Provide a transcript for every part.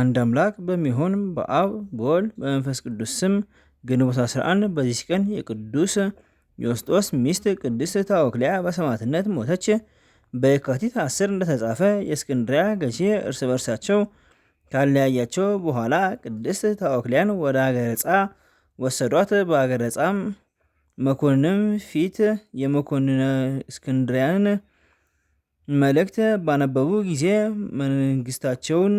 አንድ አምላክ በሚሆን በአብ በወልድ በመንፈስ ቅዱስ ስም ግንቦት 11 በዚች ቀን የቅዱስ ዮስጦስ ሚስት ቅድስት ታወክሊያ በሰማዕትነት ሞተች። በየካቲት 10 እንደተጻፈ የእስክንድሪያ ገዢ እርስ በርሳቸው ካለያያቸው በኋላ ቅድስት ታወክሊያን ወደ አገረጻ ወሰዷት። በሀገረ መኮንንም ፊት የመኮንነ እስክንድሪያን መልእክት ባነበቡ ጊዜ መንግስታቸውን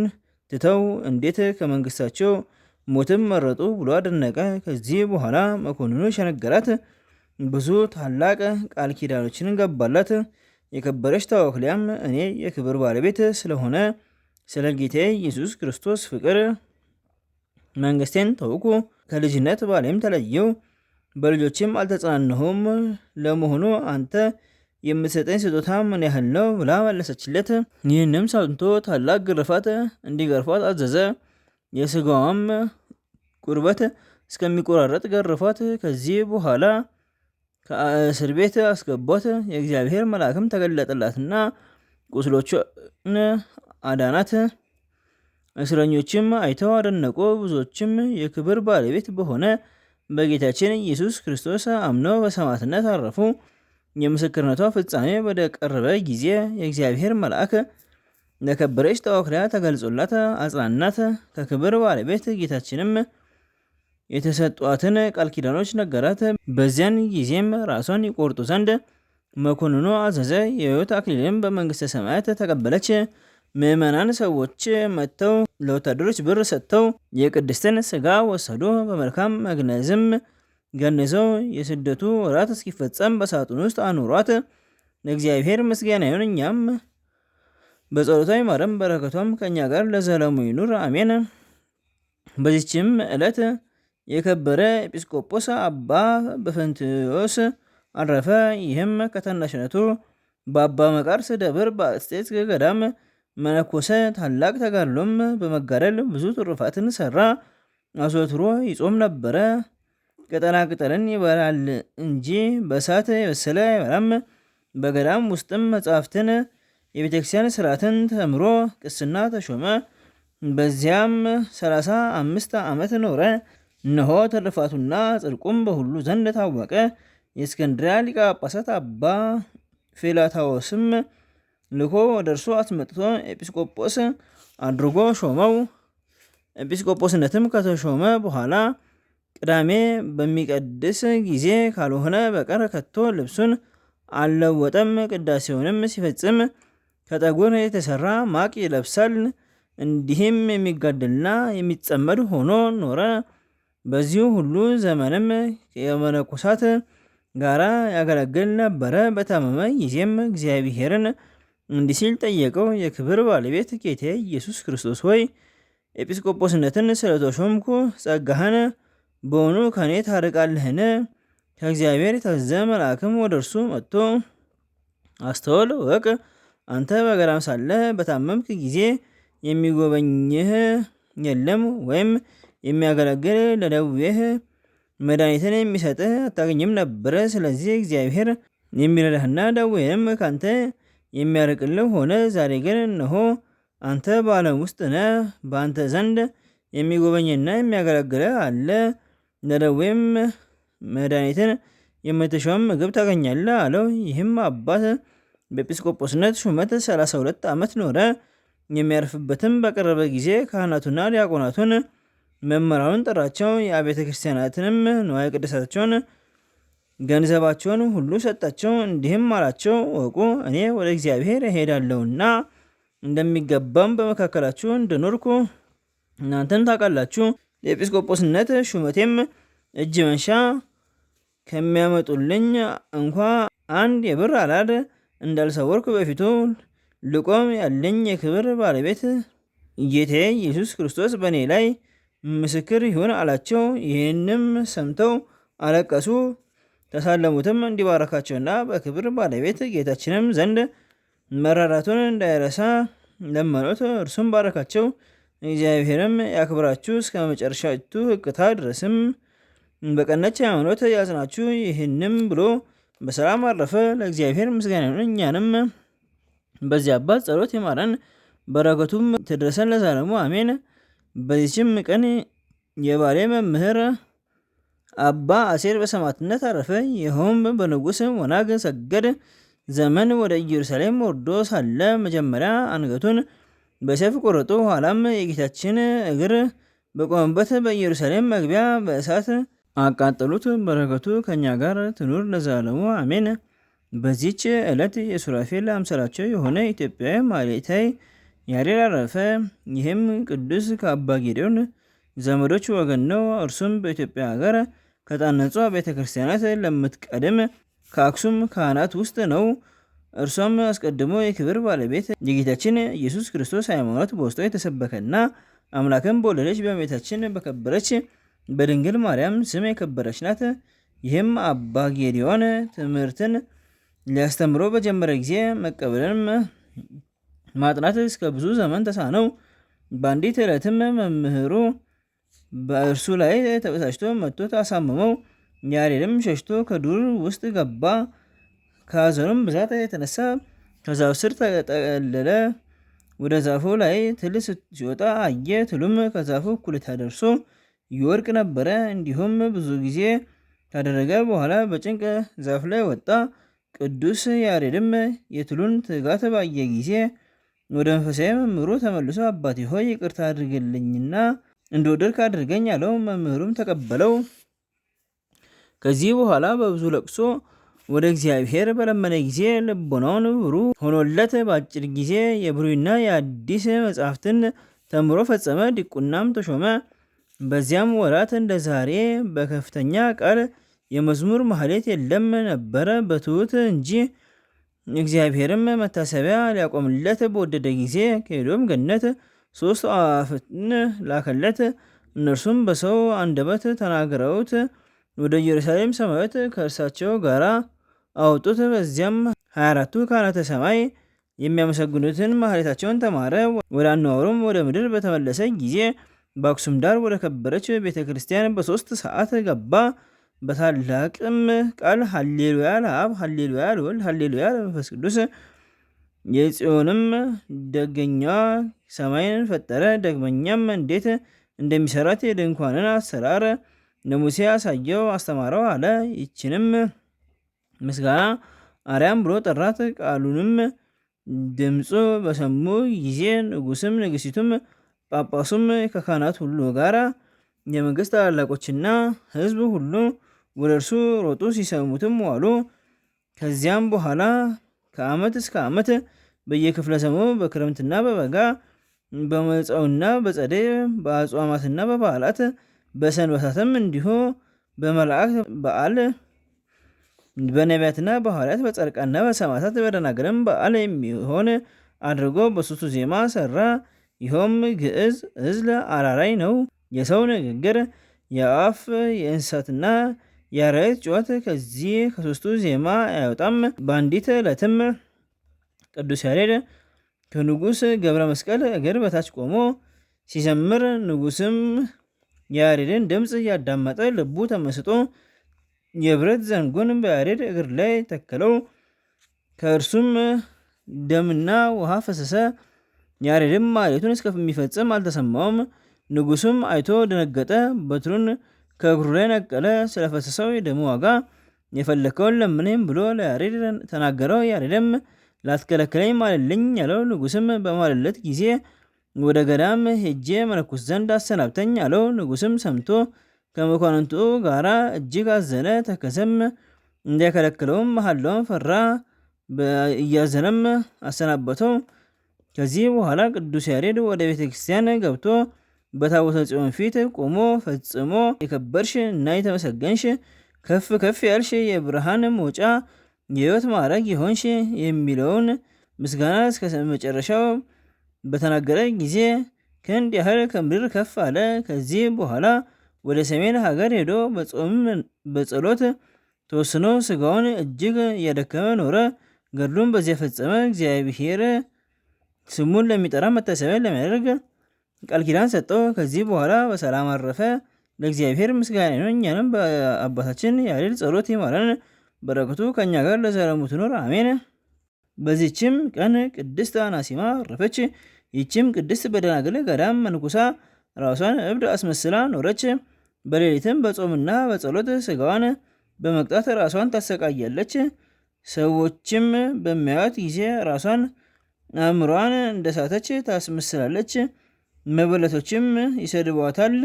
ትተው እንዴት ከመንግስታቸው ሞትም መረጡ ብሎ አደነቀ። ከዚህ በኋላ መኮንኑ ሸነገራት፣ ብዙ ታላቅ ቃል ኪዳኖችን ገባላት። የከበረች ታወክሊያም እኔ የክብር ባለቤት ስለሆነ ስለ ጌቴ ኢየሱስ ክርስቶስ ፍቅር መንግስቴን ተውኩ፣ ከልጅነት ባሌም ተለየው፣ በልጆችም አልተጽናነሁም። ለመሆኑ አንተ የምትሰጠኝ ስጦታ ምን ያህል ነው ብላ መለሰችለት። ይህንም ሰምቶ ታላቅ ግርፋት እንዲገርፏት አዘዘ። የስጋዋም ቁርበት እስከሚቆራረጥ ገርፏት። ከዚህ በኋላ ከእስር ቤት አስገቧት። የእግዚአብሔር መልአክም ተገለጠላትና ቁስሎቹን አዳናት። እስረኞችም አይተው አደነቁ። ብዙዎችም የክብር ባለቤት በሆነ በጌታችን ኢየሱስ ክርስቶስ አምነው በሰማዕትነት አረፉ። የምስክርነቷ ፍጻሜ ወደ ቀረበ ጊዜ የእግዚአብሔር መልአክ ለከበረች ተወክላ ተገልጾላት አጽናናት። ከክብር ባለቤት ጌታችንም የተሰጧትን ቃል ኪዳኖች ነገራት። በዚያን ጊዜም ራሷን ይቆርጡ ዘንድ መኮንኑ አዘዘ። የሕይወት አክሊልም በመንግሥተ ሰማያት ተቀበለች። ምዕመናን ሰዎች መጥተው ለወታደሮች ብር ሰጥተው የቅድስትን ሥጋ ወሰዱ። በመልካም መግነዝም ገንዘው የስደቱ ወራት እስኪፈጸም በሳጥን ውስጥ አኑሯት። ለእግዚአብሔር ምስጋና ይሁን። እኛም በጸሎቷ ይማረን፣ በረከቷም ከእኛ ጋር ለዘለሙ ይኑር አሜን። በዚችም ዕለት የከበረ ኤጲስቆጶስ አባ በፈንቲዮስ አረፈ። ይህም ከታናሽነቱ በአባ መቃርስ ደብር በአስጤት ገዳም መነኮሰ። ታላቅ ተጋድሎም በመጋደል ብዙ ትሩፋትን ሰራ። አዘውትሮ ይጾም ነበረ። ቅጠላ ቅጠልን ይበላል እንጂ በእሳት የበሰለ አይበላም። በገዳም ውስጥም መጽሐፍትን፣ የቤተክርስቲያን ስርዓትን ተምሮ ቅስና ተሾመ። በዚያም ሰላሳ አምስት ዓመት ኖረ። እነሆ ትርፋቱና ጽድቁም በሁሉ ዘንድ ታወቀ። የእስክንድሪያ ሊቀ ጳጳሳት አባ ፊላታዎስም ልኮ ወደ እርሱ አስመጥቶ ኤጲስቆጶስ አድርጎ ሾመው። ኤጲስቆጶስነትም ከተሾመ በኋላ ቅዳሜ በሚቀድስ ጊዜ ካልሆነ በቀር ከቶ ልብሱን አልለወጠም። ቅዳሴውንም ሲፈጽም ከጠጉር የተሰራ ማቅ ይለብሳል። እንዲህም የሚጋደልና የሚጸመድ ሆኖ ኖረ። በዚሁ ሁሉ ዘመንም የመነኮሳት ጋራ ያገለግል ነበረ። በታመመ ጊዜም እግዚአብሔርን እንዲህ ሲል ጠየቀው። የክብር ባለቤት ጌቴ ኢየሱስ ክርስቶስ ሆይ ኤጲስቆጶስነትን ስለተሾምኩ ጸጋህን በውኑ ከኔ ታርቃለህን? ከእግዚአብሔር የታዘዘ መልአክም ወደ እርሱ መጥቶ አስተውል፣ ወቅ አንተ በገራም ሳለህ በታመምክ ጊዜ የሚጎበኝህ የለም፣ ወይም የሚያገለግል ለደዌህ መድኃኒትን የሚሰጥህ አታገኝም ነበር። ስለዚህ እግዚአብሔር የሚረዳህና ደዌህም ከአንተ የሚያርቅልህ ሆነ። ዛሬ ግን እነሆ አንተ በዓለም ውስጥ ነህ፣ በአንተ ዘንድ የሚጎበኝና የሚያገለግልህ አለ። ለደዌም መድኃኒትን የምትሾም ምግብ ታገኛለህ አለው። ይህም አባት በኤጲስቆጶስነት ሹመት 32 ዓመት ኖረ። የሚያርፍበትም በቀረበ ጊዜ ካህናቱና ዲያቆናቱን መመራውን ጠራቸው። የአቤተ ክርስቲያናትንም ንዋየ ቅድሳቸውን ገንዘባቸውን ሁሉ ሰጣቸው። እንዲህም አላቸው፣ ወቁ እኔ ወደ እግዚአብሔር እሄዳለሁና እንደሚገባም በመካከላችሁ እንደኖርኩ እናንተም ታውቃላችሁ። ለኤጲስቆጶስነት ሹመቴም እጅ መንሻ ከሚያመጡልኝ እንኳ አንድ የብር አላድ እንዳልሰወርኩ በፊቱ ልቆም ያለኝ የክብር ባለቤት ጌቴ ኢየሱስ ክርስቶስ በእኔ ላይ ምስክር ይሁን አላቸው። ይህንም ሰምተው አለቀሱ፣ ተሳለሙትም። እንዲባረካቸውና በክብር ባለቤት ጌታችንም ዘንድ መራራቱን እንዳይረሳ ለመኖት እርሱም ባረካቸው። እግዚአብሔርም ያክብራችሁ እስከ መጨረሻቱ ሕቅታ ድረስም በቀናች ሃይማኖት ያጽናችሁ። ይህንም ብሎ በሰላም አረፈ። ለእግዚአብሔር ምስጋና ይሁን፣ እኛንም በዚህ አባት ጸሎት ይማረን፣ በረከቱም ትድረሰን ለዛለሙ አሜን። በዚችም ቀን የባሌ መምህር አባ አሴር በሰማዕትነት አረፈ። ይኸውም በንጉስ ወናግ ሰገድ ዘመን ወደ ኢየሩሳሌም ወርዶ ሳለ መጀመሪያ አንገቱን በሰይፍ ቆረጡ። ኋላም የጌታችን እግር በቆመበት በኢየሩሳሌም መግቢያ በእሳት አቃጠሉት። በረከቱ ከእኛ ጋር ትኑር ለዘላለሙ አሜን። በዚች ዕለት የሱራፌል አምሳላቸው የሆነ ኢትዮጵያዊ ማሌታይ ያሬድ አረፈ። ይህም ቅዱስ ከአባ ጌዴዎን ዘመዶች ወገን ነው። እርሱም በኢትዮጵያ ሀገር ከጣነጿ ቤተ ክርስቲያናት ለምትቀድም ከአክሱም ካህናት ውስጥ ነው። እርሷም አስቀድሞ የክብር ባለቤት የጌታችን ኢየሱስ ክርስቶስ ሃይማኖት በውስጧ የተሰበከና አምላክን በወለደች በእመቤታችን በከበረች በድንግል ማርያም ስም የከበረች ናት። ይህም አባ ጌዲዮን ትምህርትን ሊያስተምሮ በጀመረ ጊዜ መቀበልን ማጥናት እስከ ብዙ ዘመን ተሳነው። በአንዲት ዕለትም መምህሩ በእርሱ ላይ ተበሳጭቶ መጥቶ አሳምመው። ያሬድም ሸሽቶ ከዱር ውስጥ ገባ። ከሐዘኑም ብዛት የተነሳ ከዛፍ ስር ተጠለለ። ወደ ዛፉ ላይ ትል ሲወጣ አየ። ትሉም ከዛፉ እኩሌታ ደርሶ ይወርቅ ነበረ። እንዲሁም ብዙ ጊዜ ካደረገ በኋላ በጭንቅ ዛፍ ላይ ወጣ። ቅዱስ ያሬድም የትሉን ትጋት ባየ ጊዜ ወደ መንፈሳዊ መምህሩ ተመልሶ አባቴ ሆይ ይቅርታ አድርግልኝና እንደወደድክ አድርገኝ አለው። መምህሩም ተቀበለው። ከዚህ በኋላ በብዙ ለቅሶ ወደ እግዚአብሔር በለመነ ጊዜ ልቦናውን ብሩህ ሆኖለት በአጭር ጊዜ የብሉይና የአዲስ መጽሐፍትን ተምሮ ፈጸመ። ዲቁናም ተሾመ። በዚያም ወራት እንደ ዛሬ በከፍተኛ ቃል የመዝሙር ማህሌት የለም ነበረ፣ በትሑት እንጂ። እግዚአብሔርም መታሰቢያ ሊያቆምለት በወደደ ጊዜ ከኤዶም ገነት ሶስት አዋፍትን ላከለት። እነርሱም በሰው አንደበት ተናግረውት ወደ ኢየሩሳሌም ሰማያዊት ከእርሳቸው ጋራ አውጡት በዚያም 24ቱ ካህናተ ሰማይ የሚያመሰግኑትን ማህሌታቸውን ተማረ። ወደ አነዋወሩም ወደ ምድር በተመለሰ ጊዜ በአክሱም ዳር ወደ ከበረች ቤተ ክርስቲያን በሶስት ሰዓት ገባ። በታላቅም ቃል ሀሌሉያ ለአብ፣ ሀሌሉያ ለወልድ፣ ሀሌሉያ ለመንፈስ ቅዱስ። የጽዮንም ደገኛ ሰማይን ፈጠረ። ደግመኛም እንዴት እንደሚሰራት የድንኳንን አሰራር ለሙሴ አሳየው፣ አስተማረው አለ። ይችንም ምስጋና አርያም ብሎ ጠራት። ቃሉንም ድምፁ በሰሙ ጊዜ ንጉስም፣ ንግስቱም ጳጳሱም ከካህናት ሁሉ ጋር የመንግስት ታላላቆችና ህዝብ ሁሉ ወደ እርሱ ሮጡ፣ ሲሰሙትም ዋሉ። ከዚያም በኋላ ከአመት እስከ አመት በየክፍለ ሰሙ በክረምትና በበጋ በመጸውና በጸደይ በአጽዋማትና በበዓላት በሰንበታትም እንዲሁ በመላእክት በዓል በነቢያትና በሐዋርያት በጻድቃንና በሰማዕታት በደናግልም በዓል የሚሆን አድርጎ በሶስቱ ዜማ ሰራ። ይኸውም ግዕዝ፣ እዝል አራራይ ነው። የሰው ንግግር፣ የአፍ የእንስሳትና የአራዊት ጩኸት ከዚህ ከሶስቱ ዜማ አያወጣም። በአንዲት ዕለትም ቅዱስ ያሬድ ከንጉሥ ገብረ መስቀል እግር በታች ቆሞ ሲዘምር፣ ንጉሥም ያሬድን ድምፅ እያዳመጠ ልቡ ተመስጦ የብረት ዘንጎን በያሬድ እግር ላይ ተከለው። ከእርሱም ደምና ውሃ ፈሰሰ። ያሬድም ማሌቱን እስከሚፈጽም አልተሰማውም። ንጉሱም አይቶ ደነገጠ። በትሩን ከእግሩ ላይ ነቀለ። ስለፈሰሰው የደሙ ዋጋ የፈለከውን ለምንም ብሎ ለያሬድ ተናገረው። ያሬድም ላትከለከለኝ ማልልኝ ያለው ንጉስም በማልለት ጊዜ ወደ ገዳም ሄጄ መነኩስ ዘንድ አሰናብተኝ አለው። ንጉስም ሰምቶ ከመኳንንቱ ጋር እጅግ አዘነ። ተከዘም እንዳይከለክለውም መሐላውን ፈራ። እያዘነም አሰናበተው። ከዚህ በኋላ ቅዱስ ያሬድ ወደ ቤተ ክርስቲያን ገብቶ በታቦተ ጽዮን ፊት ቆሞ ፈጽሞ የከበርሽ እና የተመሰገንሽ ከፍ ከፍ ያልሽ የብርሃን መውጫ የሕይወት ማዕረግ የሆንሽ የሚለውን ምስጋና እስከ መጨረሻው በተናገረ ጊዜ ክንድ ያህል ከምድር ከፍ አለ። ከዚህ በኋላ ወደ ሰሜን ሀገር ሄዶ በጾምም በጸሎት ተወስኖ ስጋውን እጅግ እያደከመ ኖረ። ገድሉን በዚያ ፈጸመ። እግዚአብሔር ስሙን ለሚጠራ መታሰቢያ ለሚያደርግ ቃል ኪዳን ሰጠው። ከዚህ በኋላ በሰላም አረፈ። ለእግዚአብሔር ምስጋና ነው። እኛንም በአባታችን ያሬድ ጸሎት ይማረን፣ በረከቱ ከእኛ ጋር ለዘላለሙ ትኖር አሜን። በዚችም ቀን ቅድስት አናሲማ አረፈች። ይህችም ቅድስት በደናግል ገዳም መንኩሳ ራሷን እብድ አስመስላ ኖረች። በሌሊትም በጾምና በጸሎት ስጋዋን በመቅጣት ራሷን ታሰቃያለች። ሰዎችም በሚያዩት ጊዜ ራሷን አእምሯን እንደሳተች ታስመስላለች። መበለቶችም ይሰድቧታል።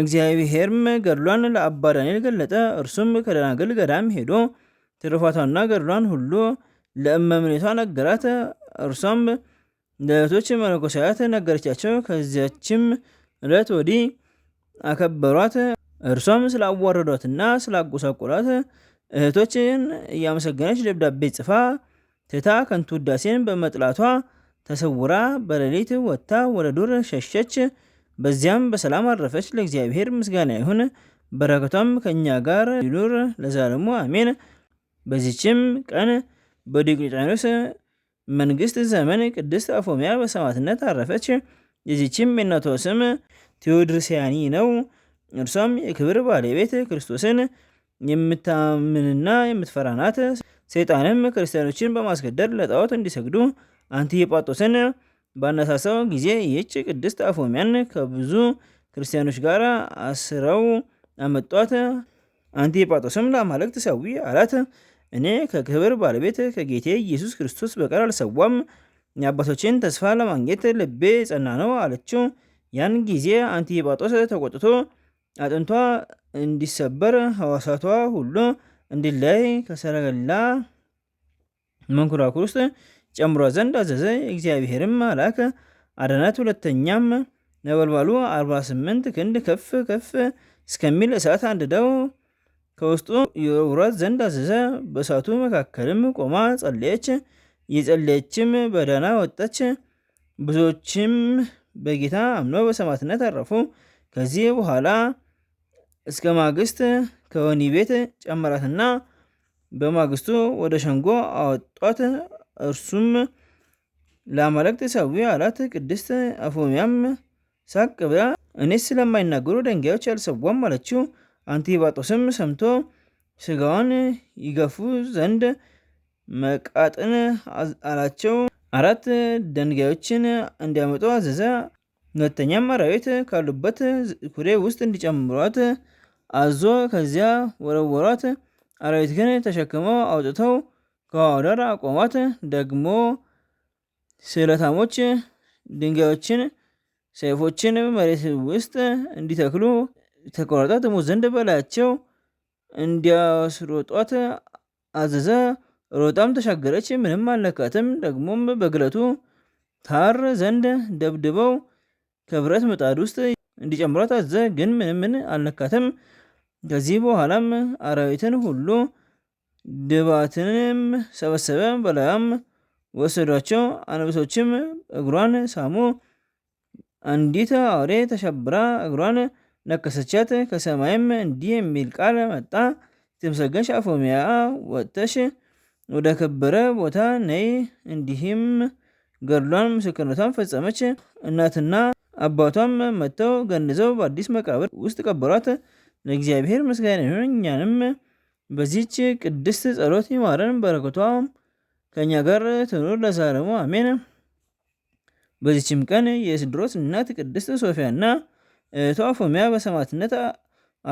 እግዚአብሔርም ገድሏን ለአባ ዳንኤል ገለጠ። እርሱም ከደናግል ገዳም ሄዶ ትርፋቷና ገድሏን ሁሉ ለእመምኔቷ ነገራት። እርሷም ለእህቶች መነኮሳያት ነገረቻቸው። ከዚያችም ዕለት ወዲህ አከበሯት። እርሷም ስላዋረዷትና ስላጎሳቆሏት እህቶችን እያመሰገነች ደብዳቤ ጽፋ ትታ ከንቱ ውዳሴን በመጥላቷ ተሰውራ በሌሊት ወጥታ ወደ ዱር ሸሸች። በዚያም በሰላም አረፈች። ለእግዚአብሔር ምስጋና ይሁን፣ በረከቷም ከእኛ ጋር ይኑር ለዛለሙ አሜን። በዚችም ቀን በዲቅሊጣኖስ መንግስት ዘመን ቅድስት አፎሚያ በሰማዕትነት አረፈች። የዚችም የእናቷ ስም ቴዎድርሲያኒ ነው። እርሷም የክብር ባለቤት ክርስቶስን የምታምንና የምትፈራ ናት። ሰይጣንም ክርስቲያኖችን በማስገደድ ለጣዖት እንዲሰግዱ አንቲጳጦስን ባነሳሳው ጊዜ ይህች ቅድስት አፎሚያን ከብዙ ክርስቲያኖች ጋር አስረው አመጧት። አንቲጳጦስም ለአማልክት ሰዊ አላት። እኔ ከክብር ባለቤት ከጌቴ ኢየሱስ ክርስቶስ በቀር አልሰዋም። የአባቶችን ተስፋ ለማግኘት ልቤ ጸና ነው አለችው። ያን ጊዜ አንቲጳጦስ ተቆጥቶ አጥንቷ እንዲሰበር ህዋሳቷ ሁሉ እንዲለይ ከሰረገላ መንኮራኩር ውስጥ ጨምሮ ዘንድ አዘዘ። እግዚአብሔርም አላክ አዳናት። ሁለተኛም ነበልባሉ 48 ክንድ ከፍ ከፍ እስከሚል እሳት አንድደው ከውስጡ የውራት ዘንድ አዘዘ። በእሳቱ መካከልም ቆማ ጸለየች። የጸለየችም በዳና ወጣች። ብዙዎችም በጌታ አምነው በሰማዕትነት አረፉ። ከዚህ በኋላ እስከ ማግስት ከወህኒ ቤት ጨመራትና በማግስቱ ወደ ሸንጎ አወጧት። እርሱም ለአማልክት ሰዊ አላት። ቅድስት አፎሚያም ሳቅ ብላ እኔስ ስለማይናገሩ ደንጋዮች አልሰዋም አለችው። አንቲባጦስም ሰምቶ ስጋዋን ይገፉ ዘንድ መቃጥን አላቸው። አራት ደንጋዮችን እንዲያመጡ አዘዘ። ሁለተኛም አራዊት ካሉበት ኩሬ ውስጥ እንዲጨምሯት አዞ ከዚያ ወረወሯት። አራዊት ግን ተሸክመው አውጥተው ከውሃው ዳር አቆሟት። ደግሞ ስለታሞች ድንጋዮችን፣ ሰይፎችን መሬት ውስጥ እንዲተክሉ ተቆራርጣ ትሞት ዘንድ በላያቸው እንዲያስሮጧት አዘዘ። ሮጣም ተሻገረች፣ ምንም አልነካትም። ደግሞም በግለቱ ታር ዘንድ ደብድበው ከብረት ምጣድ ውስጥ እንዲጨምሯት አዘ፣ ግን ምንምን አልነካትም። ከዚህ በኋላም አራዊትን ሁሉ ድባትንም ሰበሰበ፣ በላያም ወሰዷቸው። አንበሶችም እግሯን ሳሙ። አንዲት አውሬ ተሸብራ እግሯን ነከሰቻት። ከሰማይም እንዲህ የሚል ቃል መጣ፣ ትምሰገሽ አፎሚያ ወጥተሽ ወደ ከበረ ቦታ ነይ። እንዲህም ገድሏን ምስክርነቷን ፈጸመች። እናትና አባቷም መጥተው ገንዘው በአዲስ መቃብር ውስጥ ቀበሯት። ለእግዚአብሔር ምስጋና ይሁን፣ እኛንም በዚች ቅድስት ጸሎት ይማረን፣ በረከቷ ከእኛ ጋር ትኑር ለዛረሙ አሜን። በዚችም ቀን የስድሮስ እናት ቅድስት ሶፊያና እህቷ ፎሚያ በሰማዕትነት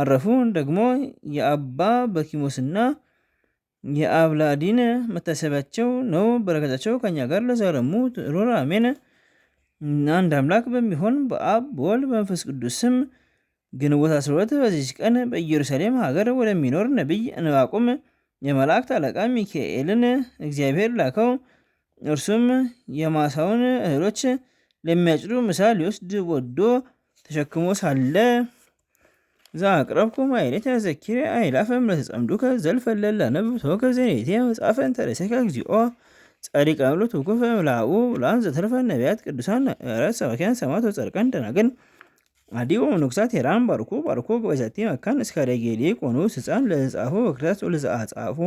አረፉ። ደግሞ የአባ በኪሞስና የአብላዲን መታሰቢያቸው ነው። በረከታቸው ከኛ ጋር ለዘረሙ ሮር አሜን። አንድ አምላክ በሚሆን በአብ በወልድ በመንፈስ ቅዱስ ስም ግንቦት 12 በዚች ቀን በኢየሩሳሌም ሀገር ወደሚኖር ነቢይ እንባቁም የመላእክት አለቃ ሚካኤልን እግዚአብሔር ላከው። እርሱም የማሳውን እህሎች ለሚያጭዱ ምሳ ሊወስድ ወዶ ተሸክሞ ሳለ ዘአቅረብኩሞ አይሌተ ዘኪሬ አእላፈ እምለተጸምዱከ ዘልፈለላ ነብብቶ ሶከ ዘኔትየ መጽሐፈ እንተ ርእሰከ እግዚኦ ጻዲቃን ለትውኩፈ እምላኡ ለአን ዘተርፈ ነቢያት ቅዱሳን ሐዋርያት ሰባክያን ሰማዕታት ወጻድቃን ደናግል አዲቦ ንጉሳት ሄራን ባርኩ ባርኩ በዛቲ መካን እስከ ደጌሌ ቆኑ ስፃን ለጻፎ በክርስቶስ ወለዘአጻፎ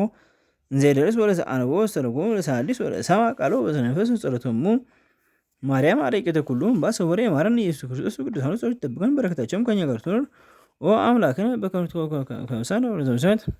እንዘይደርስ ወለዘአንቦ ወስተርጎሙ ለሰአሊስ ወለሰማ ቃሎ በዘመንፈስ ጸሎቶሙ ማርያም አርቄተ ኩሉ እምባ ሰወሬ የማረን ኢየሱስ ክርስቶስ ቅዱሳኑ ጸሎት ጠብቀን በረከታቸውም ከኛ ጋር ትኖር አምላክነ በከመ ትኮን ከውሳነ ወለዘበሰማያት